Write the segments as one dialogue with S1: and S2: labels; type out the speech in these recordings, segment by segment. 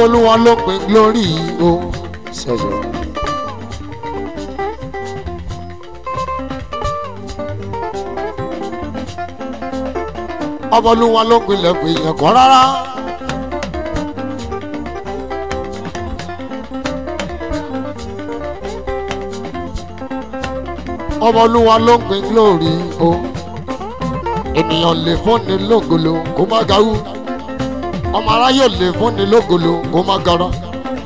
S1: ọmọ olúwa ló pè lórí o ṣẹ̀ṣẹ̀. ọmọ olúwa ló pinlẹ̀ pé èèyàn kan rárá. ọmọ olúwa ló pin lórí o ènìyàn lè fọ́ni lógolo kó má gawú ọmọ aráyé ò lè fúnni lógolo kó má gara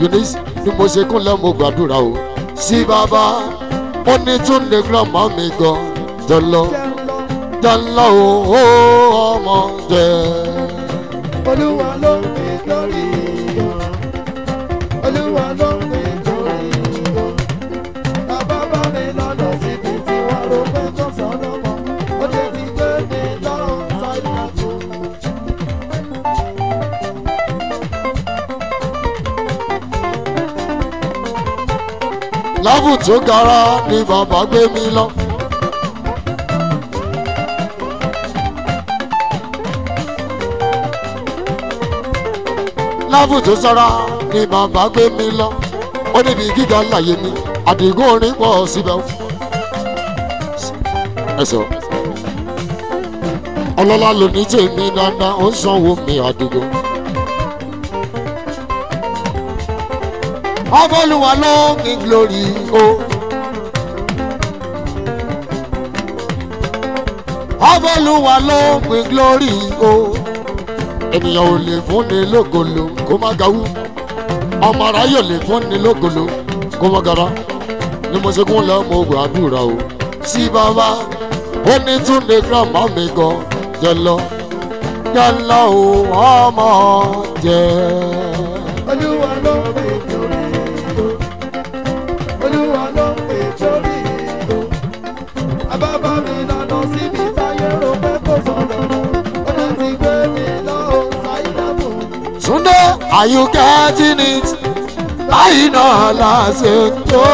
S1: Eunice ni mo ṣe kúnlẹ̀ mo gbàdúrà o sí bàbá ó ní tún lè grandma mi gan jọlọ jọlọ o ọmọ jẹ. olúwa. tó gara ni bàbá gbé mi lọ. láàbù tó sára ni bàbá gbé mi lọ ó níbi gíga láyé mi àdìgún orin pọ̀ síbẹ̀ ẹ̀sọ́ ọlọ́lá lòní tèmi dandan ó sanwó mi àdìgún. Ọbọ̀lúwa long in glory o. Ọbọ̀lúwa long in glory o. Ènìyàn ò lè fúnni lógolo kó má gawú. Ọmọ aráyè ò lè fúnni lógolo kó má gara. Ni mo ṣe kún lọ́mọ ogun àdúrà o. Sí bàbá, ó ní túnde gírámà mi gan jẹ lọ. Jẹ lọ ọmọ jẹ. Olúwa lọ. Are you getting it? Báyìí náà la ṣe tó.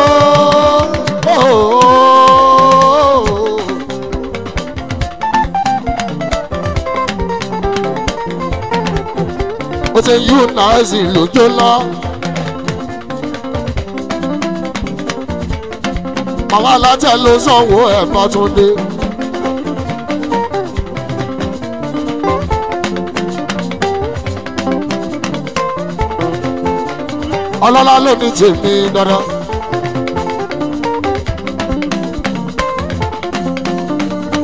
S1: Ó ṣe yóò náà sì lójó lọ. Màmá alájà ló sanwó ẹ̀fọ́ tún dé. ọlọ́lá ló ní tèmi dandan.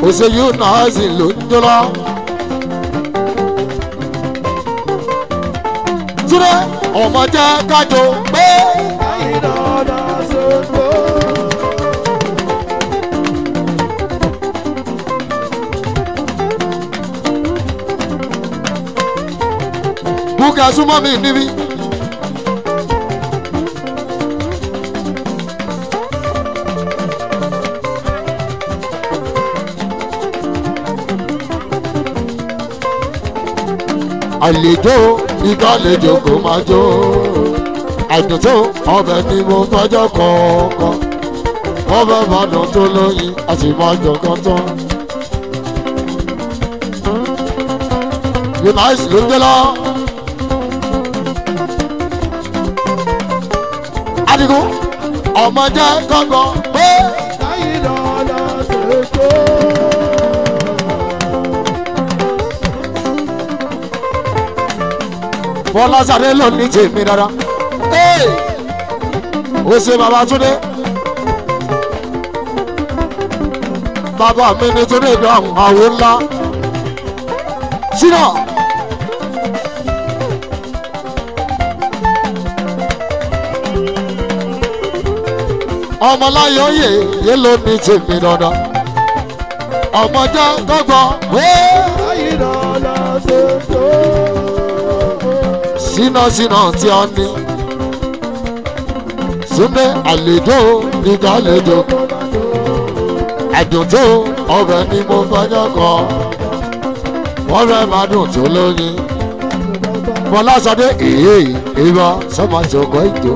S1: òṣèlú náà sì ló ń jó lọ. túnde ọmọ jẹ́ kájọ pé. bùkà súnmọ́ mi níbí. àlejò ìgbàlejò kò máa jó àdùntò ọbẹ̀ ni mo fẹjọ́ kọ̀ọ̀kan wọ́n fẹ́ máa dùn tó lóyin a sì máa jọ kan tán. Unice ló ń dé Adigun ọmọ jẹ́ bọ́lá sáré ló ní tèmi rárá ó ṣe bàbá túndé bàbá mi ní túndé ìdáhùn àwọn ńlá ṣínà. ọmọláyọ̀ yè yé ló ní tèmi dandan ọmọdé gbọ́gbọ́ wéé. ayé lọ lọ ṣoṣo sínàsínà tí ó ní. Súnmẹ́ àlejò nígbà àlejò. Àdùn tó ọbẹ̀ ni mo fẹ́jọ́ kan. Wọ́n fẹ́ máa dùn tó lóyin. Fọláṣadé èyí ìbọn sọ́mọ ìṣòkò ìjò.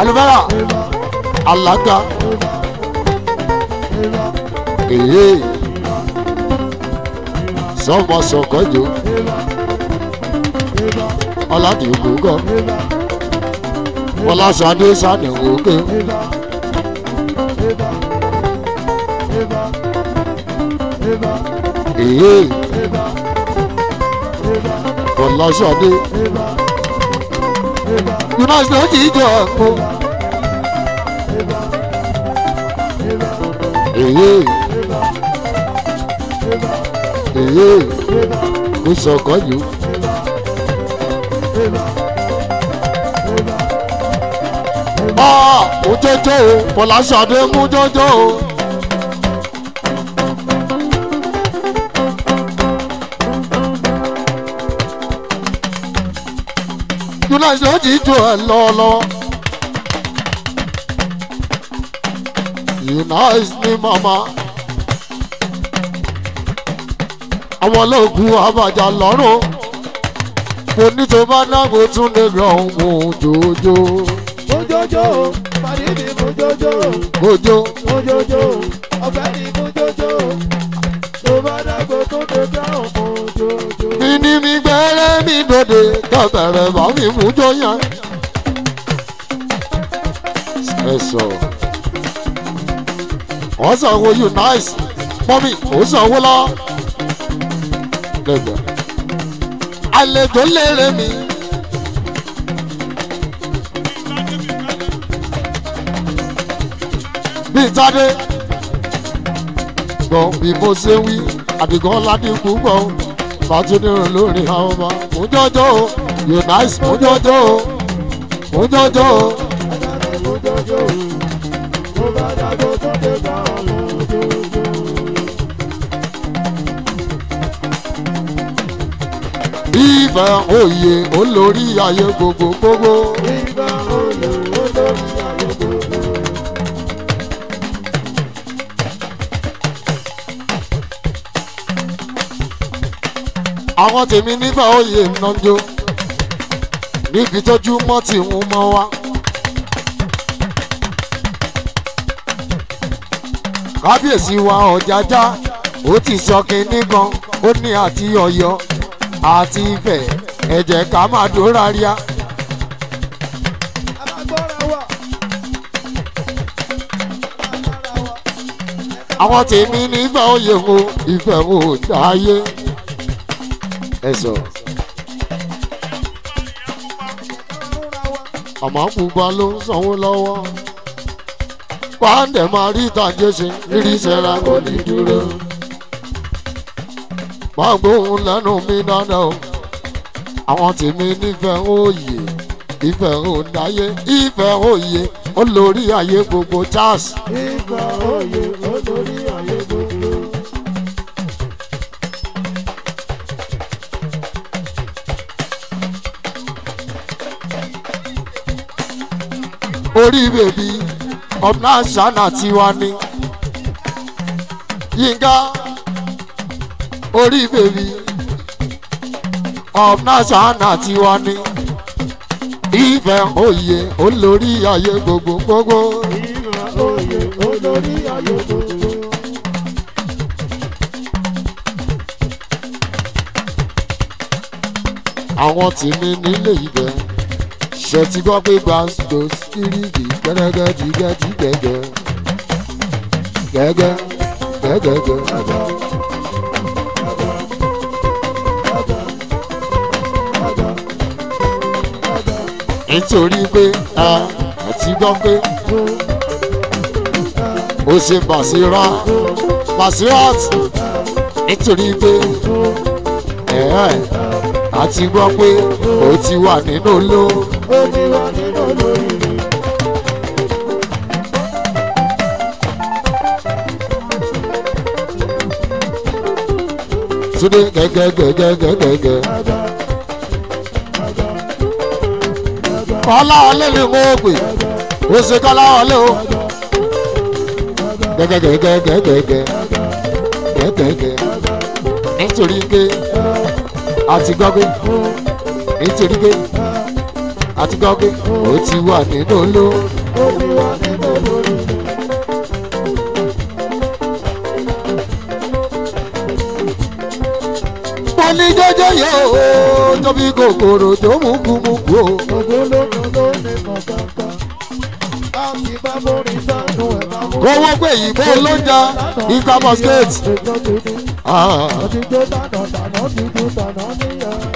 S1: Alùbárà alága èyí sọ́mọ ìṣòkò ìjò aládìí gbòógọ fọláṣadé sani òkè. èyí fọláṣadé you must know kó. èyí èyí kò sọkọ yìí. ọ òjòjò o Fọláṣadé mú jòjò o. Yúláṣí ó ti jù ẹ you Yúláṣí ni màmá. Àwọn olóògùn abàjà lọ́rùn. Kò ní tó bá náà kó tún lè lọ́hùn jòjò mojojo fàdí ni Jojo, mojo mojojo ọ̀fẹ́ ni Jojo. tó bá dàgbò tó dé dáhùn mojojo. ìní mi gbẹ́rẹ́ mi dòde kọ́bẹ̀rẹ̀ bá mi mú jọyọ̀. ẹ sọ wọ́n sọ wo you nice mọ́mí ò sọ wo lọ. àlejò lè rẹ̀ mi. bíi tádé gbọ́ bí mo ṣe wí àdìgán ládìkú gbọ́ fàtúndì rìn lórí àwọn ọmọ òjọ́jọ́ o you nice òjọ́jọ́ o òjọ́jọ́ o. ìfẹ́ òye olórí ayé gbogbo gbogbo. ọmọ tèmi nífà òye nàjọ níbi tójú mọ́ tí ń mọ́ wá. kábíyèsí wa ọ̀jájá ó ti sọ kinní kan ó ní àti ọ̀yọ́ àti Ifẹ̀ ẹ jẹ́ ká máa dúró ríà. àwọn tèmi nífà òye o ìfẹ́ o jáyé. Eso. sọ. àmọ́ pupa ló ń sanwó lọ́wọ́ pàǹdẹ̀ máa rí ìtàjẹ́ ṣe rírí sẹ́ra kò ní dúró. máa gbóhùn lẹ́nu mi dáadáa o àwọn tèmi nífẹ̀ẹ́ òòyè ìfẹ́ òǹdáyé ìfẹ́ òòyè olórí ayé gbogbo charles. ìfẹ́ òòyè torí bèbí ọ̀nà àṣàna tiwa ni yínká orí bèbí ọ̀nà àṣàna tiwa ni ìfẹ́ òye olórí ayé gbogbo gbogbo. ìfẹ́ òye olórí ayé gbogbo. àwọn tèmi nílé ibẹ̀ ṣe ti gbọ́ pé gbàǹsìdò síríìkì gẹ́gẹ́ jígẹ́ jígẹ́gẹ́ gẹ́gẹ́ gẹ́gẹ́gẹ́ àgbà. nítorí pé a àti gbọ́ pé ó ṣe bàṣírà bàṣíràt nítorí pé ẹ̀ẹ́ àti gbọ́ pé ó ti wà nínú lóò ojú wọn nínú lórí mi. Túndé gẹ́gẹ́gẹ́gẹ́gẹ́gẹ́. Kọ́lá ọlẹ́ ni mo pè, ó ṣe kọ́lá ọlẹ́ o. Gẹ́gẹ́gẹ́gẹ́gẹ́gẹ́ gẹ́gẹ́gẹ́ nítorí pé àti gbọ́ pé nítorí pé àti gọ́gí ó ti wà nínú ló. mo ní jẹ́jẹ́ yẹ o tóbi kòkòrò tó mú kúmukú o. ògbólógbò ló ní kọ̀ọ̀kan kan láti bá borí sánú ẹ̀ bá borí. owó pé ìbò ló ń ja ìka basket. àti jẹ́ tànà tànà dúdú níyà.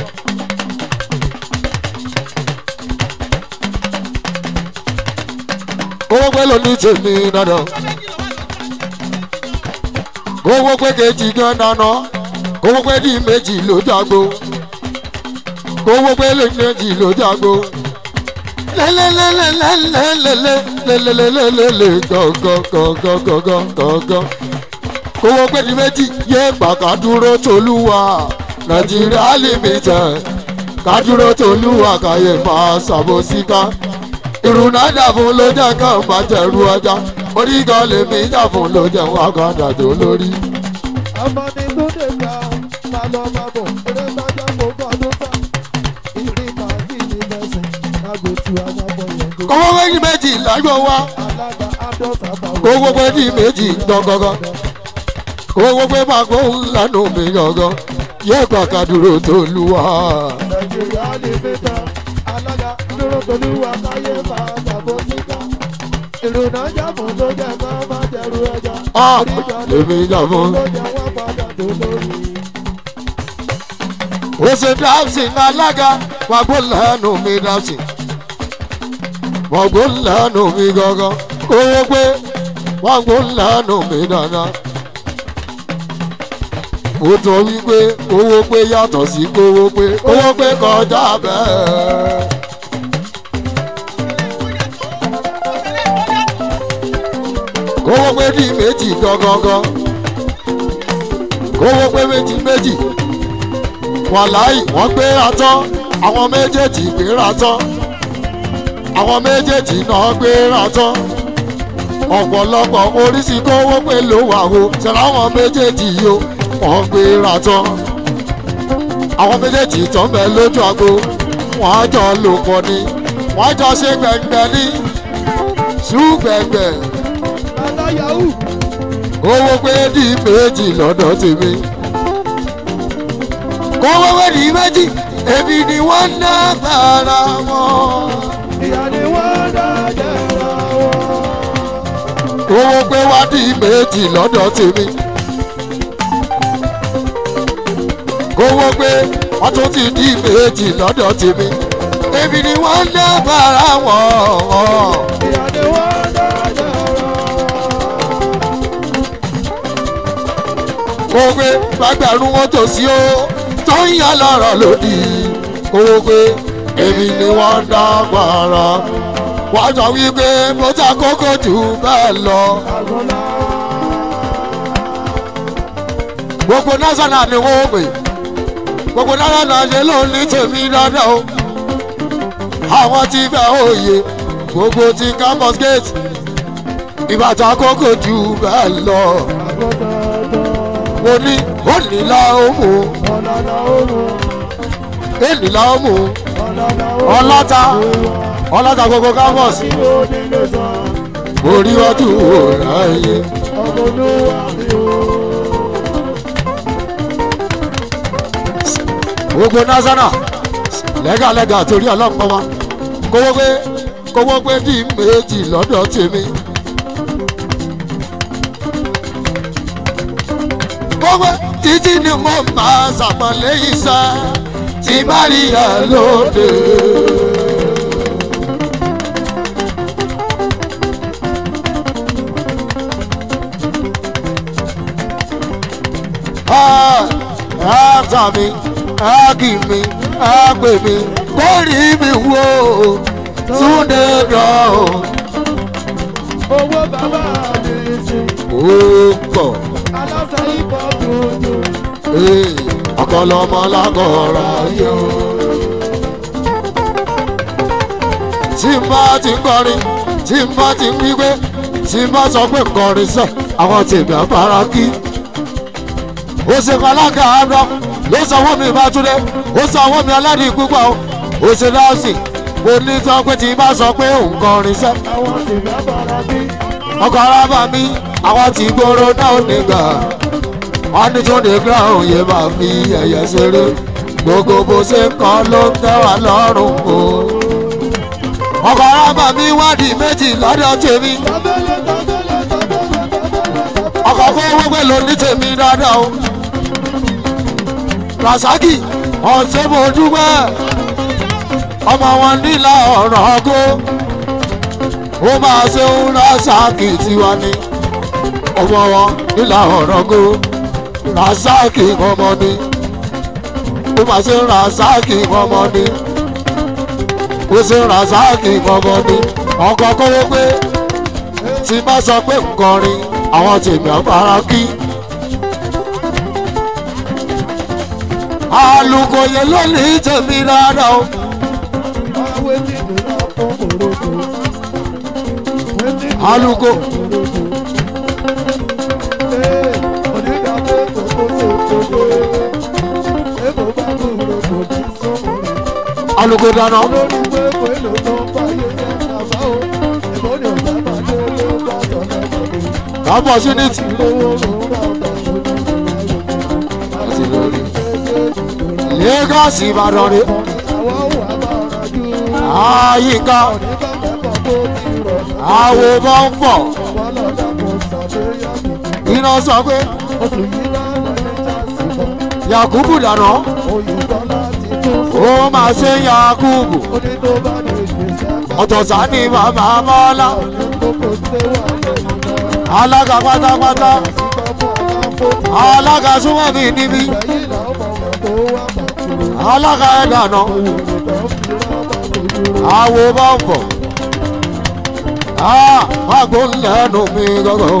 S1: kówó pé ló ní tèmi nànà kówó pé kejì gan nànà kówó pé ní méjì ló dàgbò kówó pé ló ní méjì ló dàgbò lẹ́lẹ́lẹ́lẹ́lẹ́lẹ́lẹ́lẹ́lẹ́lẹ́lẹ́lẹ́lẹ́ gọ́gọ́gọ́gọ́gọ́gọ́ kówó pé ní ìrùnà jà fún ló jẹ́ kàn má jẹ̀rú ọjà oríkan lèmi jà fún ló jẹ́ wọn kan dàjò lórí. ọmọ mi tó lè gbà ọ́ ta ló máa bọ̀ eré bá jẹ́ kó bọ́ tó tà ìrì màgì ní mẹ́sìn lágòtù àwọn ọmọ yẹn. kọ́wọ́ méjì méjì lágbó wá kó méjì méjì gbọ̀ngàn kó gbogbo máa kó lánàá mi gangan yẹ kó tó lù wá. nàìjíríà lè fi tán olúwa ah, káyé máa jàbó síta ìrùnà jàmù ló jẹ máa má jẹrù ẹja oríjà ló jẹ wọn padà tó lórí. ó ṣe dáàbsì ní alága wàgbó mi dáàbsì wàgbó lẹ́nu mi gangan owó pé wàgbó lẹ́nu mi dáadáa ó tọ́ wípé owó pé yàtọ̀ sí kówó pé owó pé kọjá bẹ́ẹ̀. kówó pé bí méjì gangan kówó pé méjì méjì wàláì wọ́n gbé atọ́ àwọn méjèèjì gbéra tán àwọn méjèèjì náà gbéra tán ọ̀pọ̀lọpọ̀ oríṣi kówó pé ló wà o ṣẹlẹ̀ àwọn méjèèjì yìí o wọ́n gbéra tán àwọn méjèèjì tó ń bẹ lójú àgbo wọ́n á jọ lò pọ̀ ni wọ́n á jọ ṣe gbẹ̀ngbẹ̀ ní ṣùgbẹ̀ngbẹ̀ yahoo. owó pé di méjì lọ́dọ̀ tèmi. kówó pé di méjì èmi ni wọ́n ń dá tara wọn. ìyá ni wọ́n ń dá tara wọn. owó pé wá di méjì lọ́dọ̀ tèmi. kówó pé wọ́n tún ti di méjì lọ́dọ̀ tèmi. èmi ni wọ́n ń dá tara wọn. ìyá wọn. ó pé gbàgbàrún wọn tò sí o tó ń yà lọ́rọ̀ lòdì ó pé èmi ni wọ́n dá gbàrà wọ́n sọ wípé mo ta kókó jù bẹ́ẹ̀ lọ. gbogbo násánà ni wọ́n pè gbogbo násánà ṣe ló ní tèmi dáadáa o àwọn ti fẹ́ òye gbogbo ti campus gate ìbàdàn kókó jù bẹ́ẹ̀ lọ la mo ní ònìlá òmù ènìlá òmù ọlọ́ta ọlọ́ta gbogbo campus orí ọdún òrà yìí. gbogbo nazana lẹ́gàlẹ́gà torí ọlọ́pàá wa kówó pé kówó pé bíi méjì lọ́dọ̀ tèmi. kówó títí ni mo máa ṣàtọ̀lẹ́yìn sá ti bá rí ìyá lóde. Àtà mi, àgì mi, àgbè mi, kórì mi wo, ó, Túndé lọ. Owó bàbá mi ti. Ó pọ̀ aláṣẹ ikọ̀ gbòòjò. ọ̀pọ̀lọpọ̀ lágọ̀ọ́ra yé o. tí n bá ti kọrin tí n bá ti wíwé tí n bá sọ pé kọrin sọ àwọn tèmi àbára kí. ó ṣe falága abdul ló sọ wọ́n mi bá túnde ó sọ wọ́n mi aládìí púpọ̀ o ó ṣe dáhùsì mo ní sọ pé tí n bá sọ pé òun kọrin sẹ́. ọkọ̀ ara bá mi àwọn tí gbòòrò náà nígbà wọn ní Túndé Brown yẹn máa fi ẹ̀yẹ ṣeré gbogbo bó ṣe ń kàn ló ń tẹ́ wa lọ́rùn o. ọkọ̀ rábà mi wádìí méjì lọ́dọ̀ tèmi ọkọ̀ kó owó pé ló ní tèmi dáadáa o. rasaki ọ̀sẹ̀ mo dúpẹ́ ọmọ wọn nílà ọ̀rọ̀ ọgọ́ ó máa ṣe ń rasaki tiwa ni ọmọ wọn nílà ọ̀rọ̀gó razaki ọmọ ni ó máa ṣe razaki ọmọ ni ó ṣe razaki ọmọ ni ọkọ kọ́wé pé tí bá sọ pé nǹkan rin àwọn tèmi àbára kí. alùkòyè lónìí tèmi rárá o. alùkò. alugo dáná. opportunity. Lagos Ìbàdàn rè. Àyíká. Àwo bá ń bọ̀. Iná sọ pé. Yakubu dáná ó máa ṣe Yakubu ọ̀tọ̀sá ni bàbá mọ́lá alága pátápátá alága súnmọ́ mi níbí alága ẹ̀dànà ah bọ́ǹbọ̀ agbóńlẹ́nu mi gọ́gọ́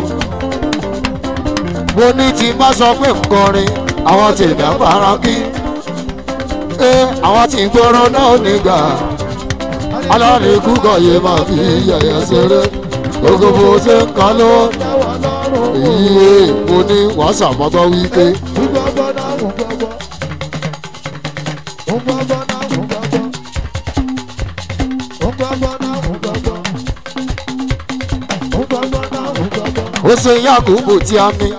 S1: boni ní ti má sọ pé ń kọrin àwọn tèmi àpárá kí pé àwọn tí ń gbọ́ràn náà nígbà alárìn kúkọ̀ yìí máa fi yẹ̀yẹ́ ṣeré gbogbo bó ṣe ń kan ló iye mo ní wọ́n ṣàmọ́tọ́ wípé. ó ṣe yàgò bò tí a ní.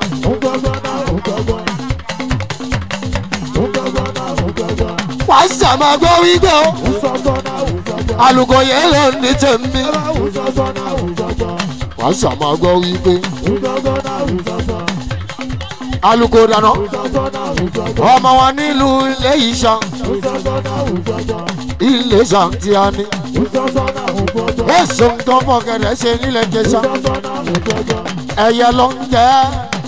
S1: pásítà máa gbọ́ wígbẹ́ o. àlùkò yẹn lọ ní tèmi. pásítà máa gbọ́ wígbẹ́. àlùkò dáná. ọmọ wa nílùú ilé ìṣàn. ilé ìṣàn tí a ní. èso tó mọ̀ kẹ̀rẹ́ ṣe nílẹ̀ jẹ́sà. ẹ̀yẹ ló ń jẹ́.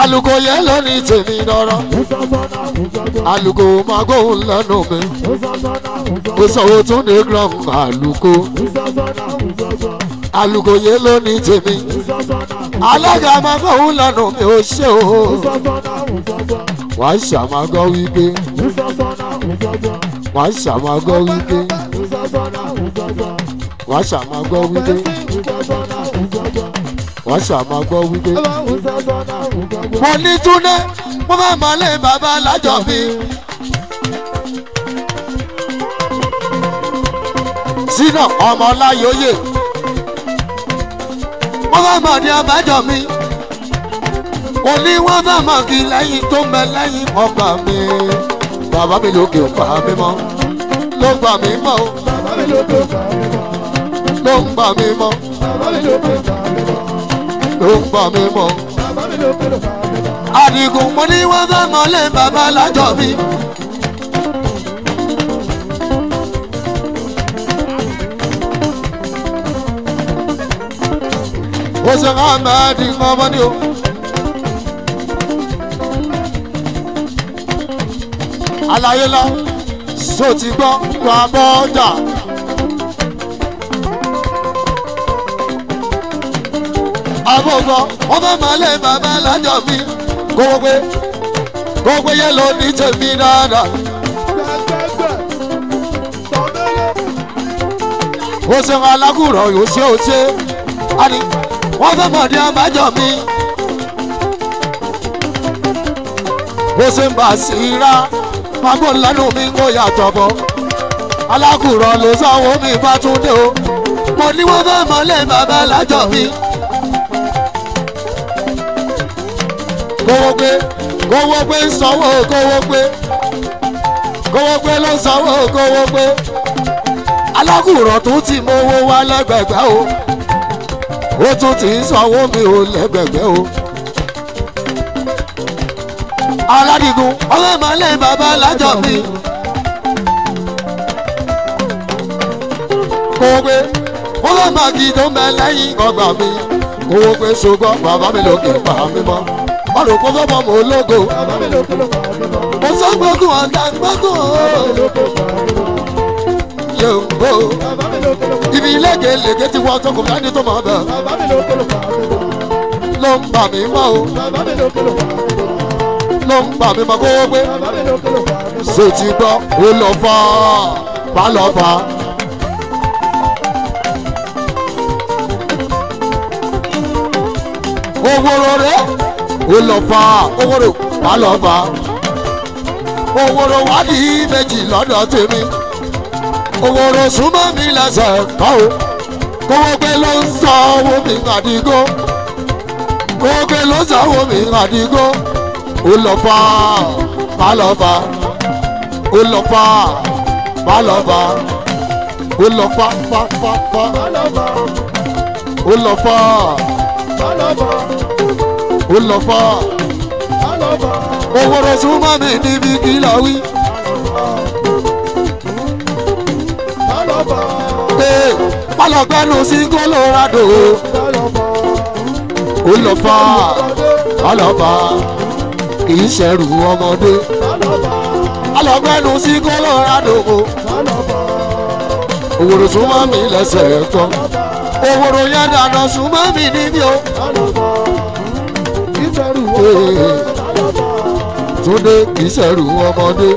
S1: aluko yẹn lónìí tèmi lọ́rọ́ aluko magohun lẹ́nu mi ó sanwó tún ní gram aluko aluko yẹn lónìí tèmi alága magohun lẹ́nu mi ó ṣe o wà á ṣàmàgọ́ wípé wà á ṣàmàgọ́ wípé wà á ṣàmàgọ́ wípé wọ́n ṣàmà gbọ́ wípé. mo ní túndé mo fẹ́ mọ̀lẹ́ bàbá lájọ mi. sínà ọmọ láyòyè mo fẹ́ mọ̀ ní abájọ mi. kò ní wọ́n fẹ́ mọ̀ kí lẹ́yìn tó mẹ lẹ́yìn ọgbà mi. bàbá mi lókè ò pa mọ́ ló gbà mí mọ́ o. bàbá mí mọ́ ló gbà mí mọ́ ló ń bọ̀ mí mọ́. àdìgún mo ní wọ́n fẹ́ mọ́lé bàbá lájọ mi. ó ṣe ká máa di ọmọ ní o. àlàyé lọ sọ ti gbọ́ wà bọ́ ọjà. àbọ̀gbọ̀ wọ́n fẹ́ máa lé bàbá alájọ mi kó wọ́n pé kó wọ́n pé yẹn lọ ní tèmi dáadáa. ó ṣe wọn alágùrọ̀ yóò ṣe ó ṣe á ní wọ́n fẹ́ mọ̀dé àbájọ mi. bó ṣe ń bà sí i rá pàgbọ́ lẹ́nu mi kó yàtọ̀ bọ́ alágùrọ̀ ló sanwó mi bá tún dé o mo ní wọ́n fẹ́ mọ́lẹ̀ bàbá lájọ mi. Gówógbé Gówógbé ń sanwó Gówógbé Gówógbé ló ń sanwó Gówógbé alágùrọ̀ tún ti mówó wá lẹ́gbẹ̀gbẹ́ o ó tún ti sanwó mi o. aládìgún ìmọ̀lẹ́ bàbá lájọ mi. tó lẹ́yìn ọgbà mi bàbá mi ló kí n mọ́. wọn rò pé fọmọ mò ń lógo mo sọ gbógun ọ̀tá gbógun yòòbó ibi lékeleke ti wọ́n tókùn láti tó mọ̀ bẹ́ẹ̀ ló ń bà mí mọ́ o ló ń bà mí mọ́ kó wọ́n pé ṣe ti gbọ́ ó lọ fà á bá lọ fà á. owó rọrẹ olọ́fà owóró balọ̀fà owóró wádìí méjì lọ́dọ̀ tèmi owóró súnmọ́ mi lẹ́sẹ̀ káwó kówó pé ló ń sọ owó mi àdìgó kówó pé ló ń sọ owó mi àdìgó olọ́fà balọ̀fà olọ́fà balọ̀fà olọ́fà fáfáfá olọ́fà balọ̀fà ó lọ fọ́ owó rẹ̀ súnmọ́ mi níbi kí lọ wí. pálọ̀gbẹ́nu sí Colorado ó lọ fọ́ ọlọ́pàá kì í ṣẹ̀rù ọmọdé pálọ̀gbẹ́nu sí Colorado òwòrò súnmọ́ mi lẹ́sẹ̀ kan òwòrò yẹn dáná súnmọ́ mi níbi o ṣẹ̀rù ọmọdé. Túndé kì í ṣẹ̀rù ọmọdé.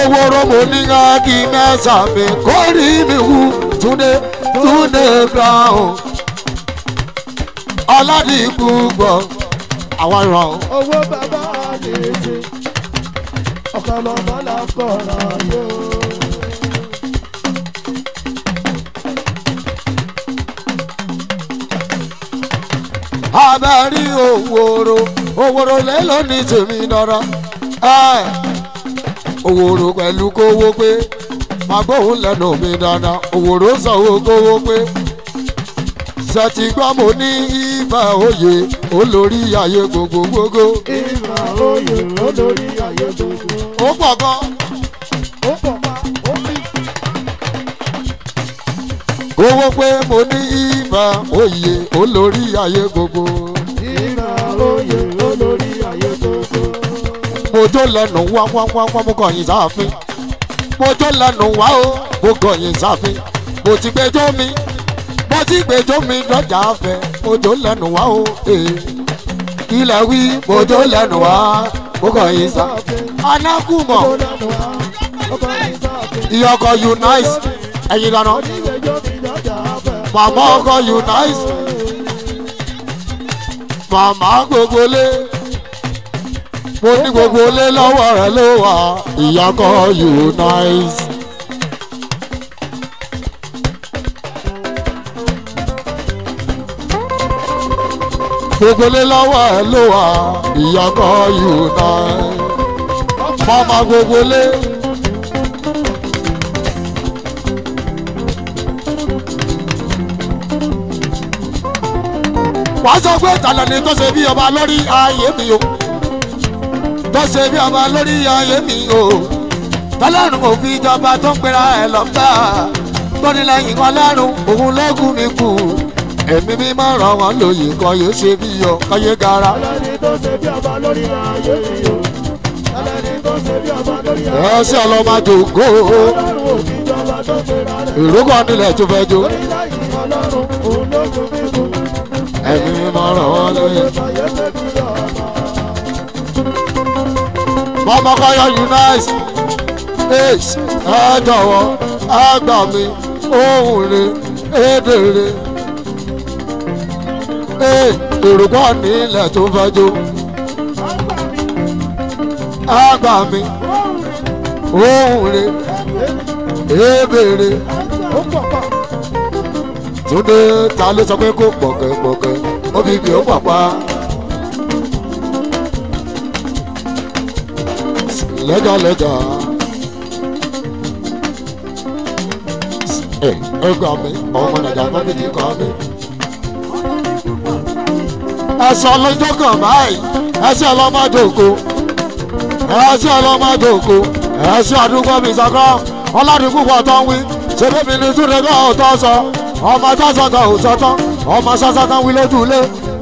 S1: Owó rọ́mọ ní káàkì mẹ́sà mi kò rí mi wú Túndé Túndé Brown. Aládìgbùgbọ̀ àwa ràn. Owó bàbá àdìsí, ọ̀kan lọ́mọ làkọ̀ọ̀rọ̀ yóò. abẹ́rí òwòrò òwòrò lélo ní tèmi dandan òwòrò pẹ̀lú kówó pé magbóhùn lẹ́nu mi dandan òwòrò sanwó kówó pé sẹ́tì gbọ́ mo ní ìfẹ́ òye olórí ayé gbogbogbò. ìfẹ́ òye owó pé mo ní ìmọ̀ òye olórí ayé gbogbo. ìmọ̀ òye olórí ayé gbogbo. mo jó lẹ́nu wá wá wá wá mo kàn yín sáàfin mo jó lẹ́nu wá o mo kàn yín mo ti gbẹjọ́ mi mo ti gbẹjọ́ mi lọ́jà afẹ́ mo jó lẹ́nu wá o eh. ilẹ̀ wí mo jó lẹ́nu wá mo kàn yín sáàfin. anákùmọ̀ ìyọkọ̀ unite ẹ̀yin dáná. Mama, call you nice. Mama, gbogbo lé mo ní gbogbo lé lọ́wọ́ rẹ ló wà ìyá you nice. gbogbo lé lọ́wọ́ ẹ̀ ló wà ìyá ọkọ unite màmá gbogbo lé. wàá sọ pé ìtàlẹ̀ ni tó ṣe bí ọba lórí ayé mi o tó ṣe bí ọba lórí ayé mi o tọ́lọ́run kò fi ìjọba tó ń pera ẹ̀ lọ́gbà tọ́nilẹ́yìn kan òun lẹ́gùn mi kù ẹ̀mí mi máa ràn wọ́n lóyè kan ṣe bí yọ káyé gara. ẹlẹ́ni tó ṣe bí ọba lórí ayé mi o ẹlẹ́ni tó ṣe bí ẹ ṣe ọlọ́mọ àjòkó. ìrókò nílẹ̀ tó fẹ́ jó ràn wọ́n lóye. Mọ́mọ́kọ́yọ̀ Unice Ace Ẹ̀jọ̀wọ́ àgbà mi òun lè ébèrè. Ee èrògbọ́ nílẹ̀ tó fẹ́ jó. Àgbà mi òun lè ébèrè. Túndé ta ló sọ pé kó pọ̀kẹ́pọ̀kẹ́ omi gbé ó papa, lẹ́gà lẹ́gà. ẹ ẹ gbà mí ọmọ nàìjà fọ́nìjì kọ́ mi. ẹsẹ̀ ọlọ́jọ́ kan báyìí ẹsẹ̀ ọlọ́mọdé ògo ẹsẹ̀ ọlọ́mọdé ògo ẹsẹ̀ àdúgbò mi sọ́kọ́ ọlọ́dún púpọ̀ tó ń wí ṣe bébí ni túnde náà ò tọ́ sọ ọmọ tó sọ kan ò tán ọmọ sọ́sọ́ tán wí lójú ilé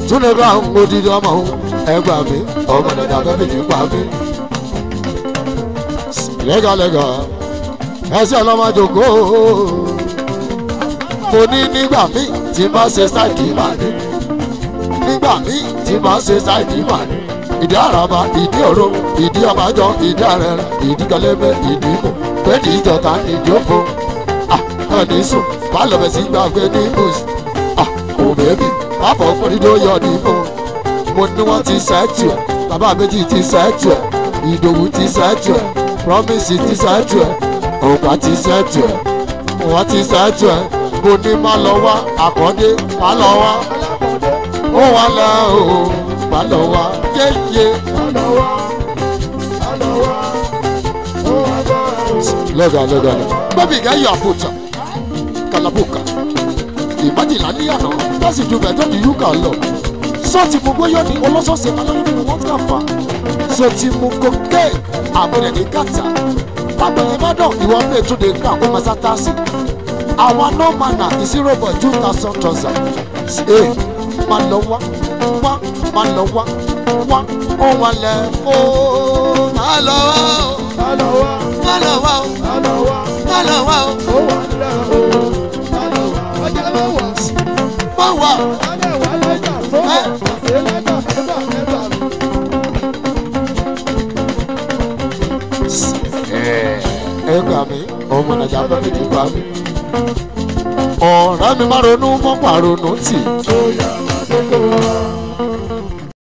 S1: túnlẹ̀ bá ń mo dídí ọmọ òun ẹgbà mi ọmọ dàda fẹ́ méjì pa mí. lẹ́gàlẹ́gà ẹsẹ̀ ọlọ́mọdòkó mo ní nígbà mí tí n bá ṣe ṣáìdì máa ní nígbà mí tí n bá ṣe ṣáìdì máa ní ìdí àràbà ìdí òró ìdí ọbàjọ ìdí àrẹrẹ ìdí gẹlẹbẹ ìdí ìbò pẹ́ẹ́dì ìjọta ìdí òfo àná sùn bá lọ sí gbàgbé ní bùsùn wò bébì pápá òfòdìdó yọ nìbò mo ní wọ́n ti ṣáàtù ẹ̀ bàbá méjì ti ṣáàtù ẹ̀ ìdòwú ti ṣáàtù ẹ̀ promise ti ṣáàtù ẹ̀ ọ̀gá ti ṣáàtù ẹ̀ wọ́n ti ṣáàtù ẹ̀ mo ní má lọ wá àkọ́dé má lọ wá ó wà lẹ́ o má lọ wá yéye má lọ wá má lọ wá ó wà lẹ́ o. lọ́gàá lọ́gàá lọ́gàá bẹ́ẹ̀ bí ìgá yọ àpótà kàlàbùkà bíléèkì májìlá ní àná tẹ́sí ju bẹ̀ẹ́dọ́dì yúkà lọ sọ́ọ̀tì mú gbóyọ̀ ní ọlọ́sọ̀ọ̀sẹ̀ balọ́lú nínú wọ́n kà fà sọ́ọ̀tì mú kókè àbẹ̀rẹ̀ ní kàtà àbẹ̀rẹ̀ ìbàdàn ìwọ́n lè tún lè kà kó máa sáta sí àwọn anọ́mànà ìṣirò bọ̀ two thousand thousand ẹ̀ máa lọ wá wá máa lọ wá wá ó wà lẹ̀ fó. máa lọ wá o máa lọ wá o máa lọ wá o máa lọ wá o ó wà lẹ̀ o ọjà mọ wà mọ mi ti ronú mọ́pàá ronú tì. ó yà wá tó kọ́.